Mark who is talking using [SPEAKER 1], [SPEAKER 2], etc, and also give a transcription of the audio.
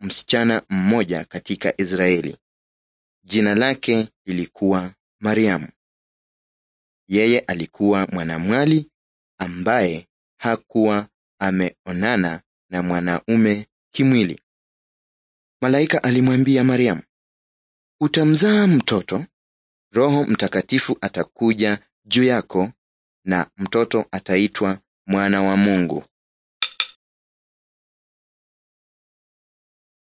[SPEAKER 1] msichana mmoja katika Israeli. Jina lake lilikuwa Mariamu. Yeye alikuwa mwanamwali ambaye hakuwa ameonana na mwanaume kimwili. Malaika alimwambia Mariamu, utamzaa mtoto, Roho Mtakatifu
[SPEAKER 2] atakuja juu yako na mtoto ataitwa mwana wa Mungu.